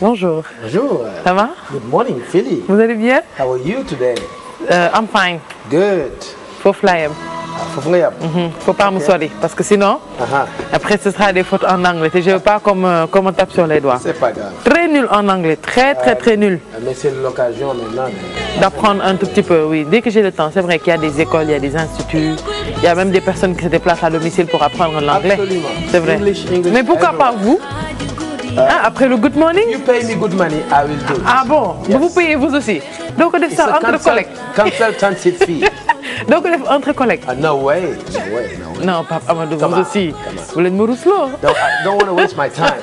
Bonjour. Bonjour. Ça va? Good morning, Philly. Vous allez bien? Euh, fine. Ah, mhm. parce que sinon. Uh -huh. après ce sera des fautes en anglais euh, très nul en anglais très très nul. Ah, d'apprendre un tout petit peu dès que j'ai le temps c'est vrai qu'il y a des écoles il y a des il y a même des personnes qui se déplacent à domicile pour apprendre l'anglais. absolument c'est vrai mais pourquoi vous. ah après le good morning. you pay me good money I will do. ah bon yes. vous payez vous aussi. doo ko def sax entre collègues. consultancy fee. doo ko def entre collègues. Ah, no way no way. non Pape Amadou vous aussi. bu leen ma rusloo. don't want to waste my time.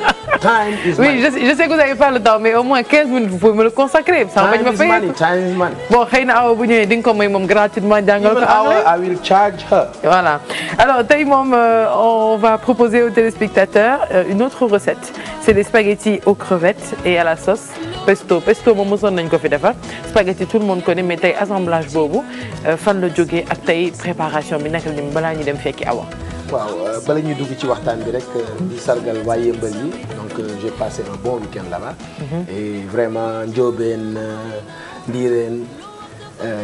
time is money. oui je sais, je sais que vous n'avez pas le temps mais au moins 15 minutes vous pouvez me le consacrer. sans bañ ma fayee ko time is money bon xëy na awa bu ñëwee di nga ko may moom gratuitement jàngal ko awa I will charge her. voilà alors tey moom euh, on va proposer aux téléspectateurs euh, une autre recette c'est les spaghettis aux crevettes et à la sauce pesto pesto moom mosoon nañ ko fi defar spaghetti tout le monde connaît mais tey assemblage boobu euh, fan la jógee ak tey préparation bi naka la balaa ñu dem fekki awa. waaw euh, bala ñuy dugg ci waxtaan bi rek euh, di sargal waa Yëmbal yi donc euh, j'ai passé un bon week-end là-bas mhm. vraiment Ndiobène Ndiirène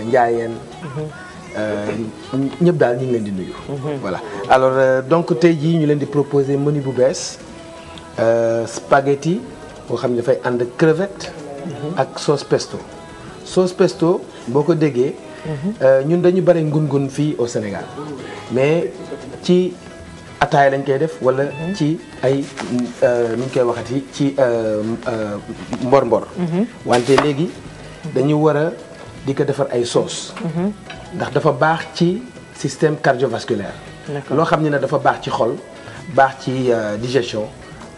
Ndiayène mhm. ñëpp daal ñu ngi leen di nuyu mhm. voilà alors donc tey jii ñu leen di proposer menu bu bees spaghetti boo xam ne dafay ànd crevette ak sauce pesto sauce pesto boo ko déggee Euh, ñun dañu bare ngun-ngun fii au Sénégal mais ci ataay lañ koy def wala ci ay euh, nu ñu koy waxati ci euh, mbor mbor wante léegi dañu war a di ko defar ay sauce ndax dafa baax ci système cardiovasculaire loo xam ne ne dafa baax ci xol baax ci digestion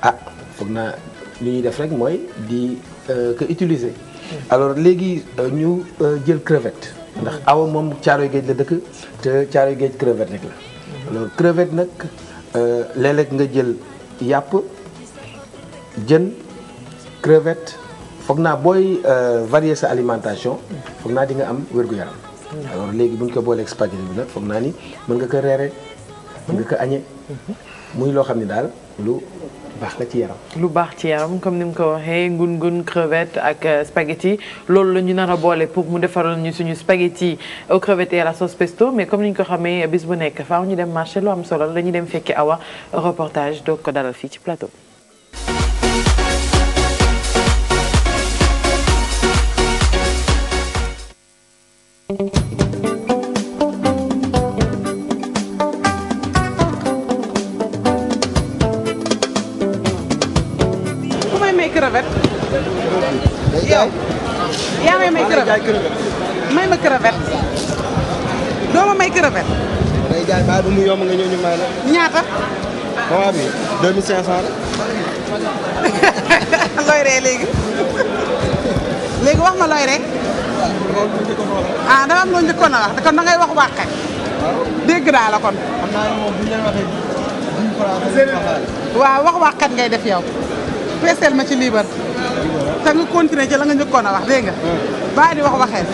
ah foog naa li ñuy def rek mooy di ko utiliser mm. alors léegi ñu jël crevette ndax awa moom caaroy géej la dëkk te caaroy géej crevette rek la alors crevette nag euh, léeg-léeg nga jël yàpp jën crevette foog naa booy euh, varier sa alimentation foog naa di nga am wér-gu-yaram alors léegi bu ngi ko booleeg spaghetti bi nag foog naa ni mën nga ko reere mën nga ko añe muy loo xam ne daal lu baax la ci yaram. lu baax ci yaram comme ni mu ko waxee ngun-ngun crevette ak euh, spaghetti loolu la ñu nar a boole pour mu defaral ñu suñu spaghetti aux crevettes et à la sauce pesto mais comme ni ñu ko xamee bis bu nekk aw ñu dem marché lu am solo la ñu dem fekki awa reportage doo ko dalal fii ci plateau. yow yaa may may crevette may ma crevette doo may crevette. day jaay baax bu mu yomb nga ñëw ñu may la. ñaata. moment bi 2500 la. looy ree léegi léegi wax ma looy ree. ah dama am loo njëkkoon a wax kon da ngay wax wàqe. dégg naa la kon. xam naa wax wàqat ngay def yow. peeseel ma ci liibar. te nga ci la nga njëkkoon a wax dégg nga. bàyyi di wax waxee.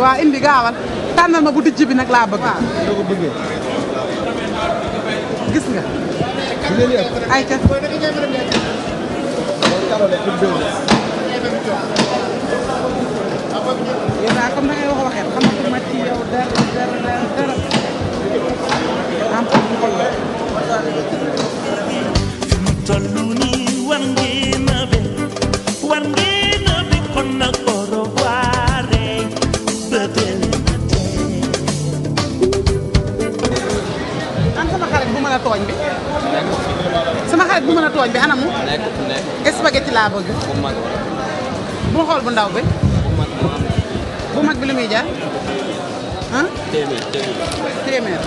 waaw indi gaawal. tànnal ma bu dijj nag laa bëgg. waaw gis nga. ay ca. yéen comme da ngay wax waxee xamatuma ci yow dara dara dara. sama xarit bu mën a tooñ bi anamu. spaghetti laa bëgg. bu xool ndaw bi. bu mag bi lu muy jaar. ah. téeméer téeméer.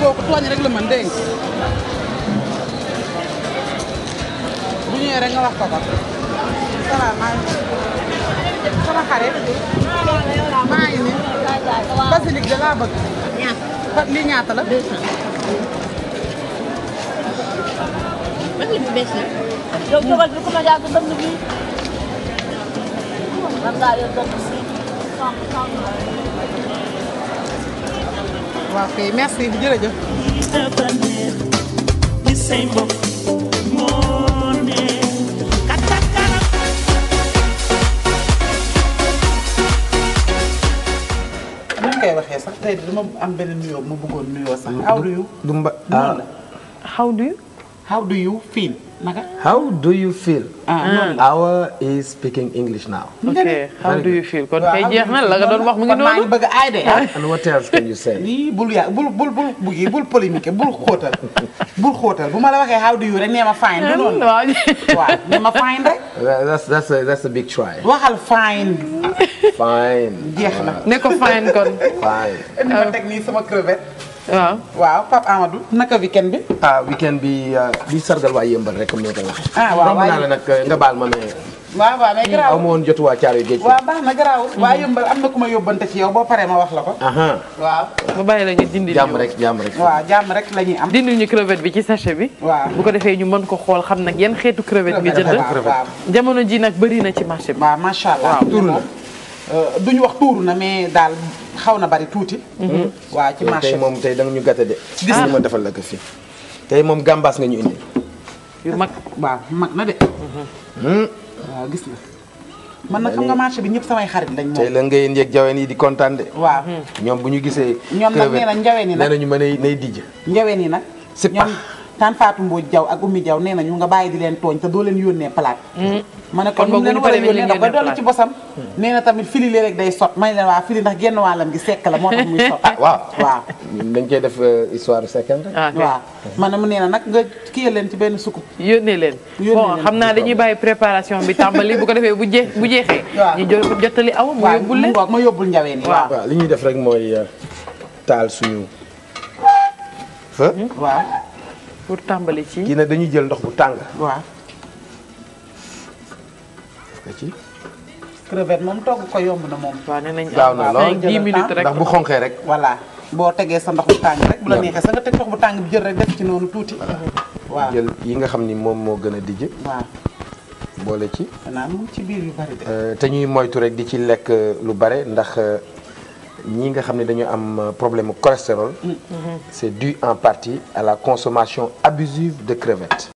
kooku tooñ rek la mën dégg bu ñëwee nga wax ko sama xarit. maa ngi laa bëgg. ñaata li ñaata la. man li mu bees la. yow jógal bi ku ma jàpp dënd bi. man ngaa yor dënd bi. waaw kay merci jërëjëf. ni koy waxee sax tey dama am benn nuyoo ma bëggoon nuyoo sax. how do you. du mba ah how do you. how do you feel. naka. how do you feel. ah Awa ah. is speaking English now. ok how do you feel kon kay jeex na la nga doon wax mu ngi noonu. bëgg aay de ah. and what else can you say. nii bul yaa bul bul bul buggi bul polémique bul xóotal bul xóotal bu ma la waxee how do you rek nee ma fine. du noonu ah, waaw nee ma fine rek. that's that's a that's a big try. waxal fine. fine. jeex na ah. ne ko fine kon. fine. Ah. ni sama crevette. waaw waaw Pape Amadou naka weekend bi. ah weekend bi di ah, sargal waa yëmbal rek comme ni nga ko waxee. ah waaw romb naa la nag nga baal ma mais. waaw aw ma woon jotu waa Caaroy géej. waaw baax na garaaw. waa mm-hmm. yëmbal am na ku ma yóbbante ci yow boo paree ma wax la ko. waaw. bu bàyyi la dindi. jàmm rek jàmm rek. waaw jàmm rek la ñuy am. dindi ñu crevette bi ci sachet bi. waaw bu ko defee ñu mën ko xool xam nag yan xeetu crevette. nga jënd jamono ji nag bëri na ci marché bi. waaw macha allah tur Euh, duñu wax tuuru na mais daal xaw na bari tuuti. Mhm. waa ci marché bi moom tey danga ñu gàtte de. gis nga ma tey moom gàmbaas nga ñu indi. yu mag waaw mag na de. Mhm. waaw gis na. man nag xam nga marché bi ñëpp samay xarit lañ moom. tey la ngay njëg njaween yi di kontaan de. waaw ñoom bu ñu gisee. ñoom nag nee na njaween nag na ñu mën nay nay njaween yi nag. si pax tan Fatou jaw Diaw ak Oumy Diaw nee na ñu nga bàyyi di leen tooñ te doo leen yónnee plaque hmm. ma kon ko ñu leen war a yónnee ndax ba dolli ci bosam hmm. nee tamit fili li rek day sot may leen waa fili ndax genn wàllam gi sekk la moo tax muy sot ah, waaw waaw dañ koy def euh, histoire sekkal ah, rek waaw ma mu nee nag nga kiyal leen ci benn sukub yónnee leen bon xam naa dañuy bàyyi préparation bi tàmbali bu ko defee bu jeex bu jeexee ñu jottali aw mu yóbbul leen ma yóbbul njaween yi waaw li ñuy def rek mooy euh, taal suñu waaw pour tàmbali ci. kii nag dañuy jël ndox bu tàng. waaw. def ci. ko yomb na moom. waaw nee nañu am waaw 10 ndax bu xonqee rek. voilà boo tegee sa ndox bu tàng rek. bu la neexee sa teg ndox bu tàng bi jël rek def ci noonu tuuti. waaw jël yi nga xam ni moom moo gën a dijj. boole ci. xanaa ci biir yu euh, te ñuy moytu rek di ci lekk lu bare ndax. Euh, ñi nga xam ne dañu am euh, problème cholestérol mm. c'est dû en partie à la consommation abusive de crevettes